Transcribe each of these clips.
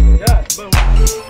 Yeah, boom.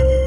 Sorun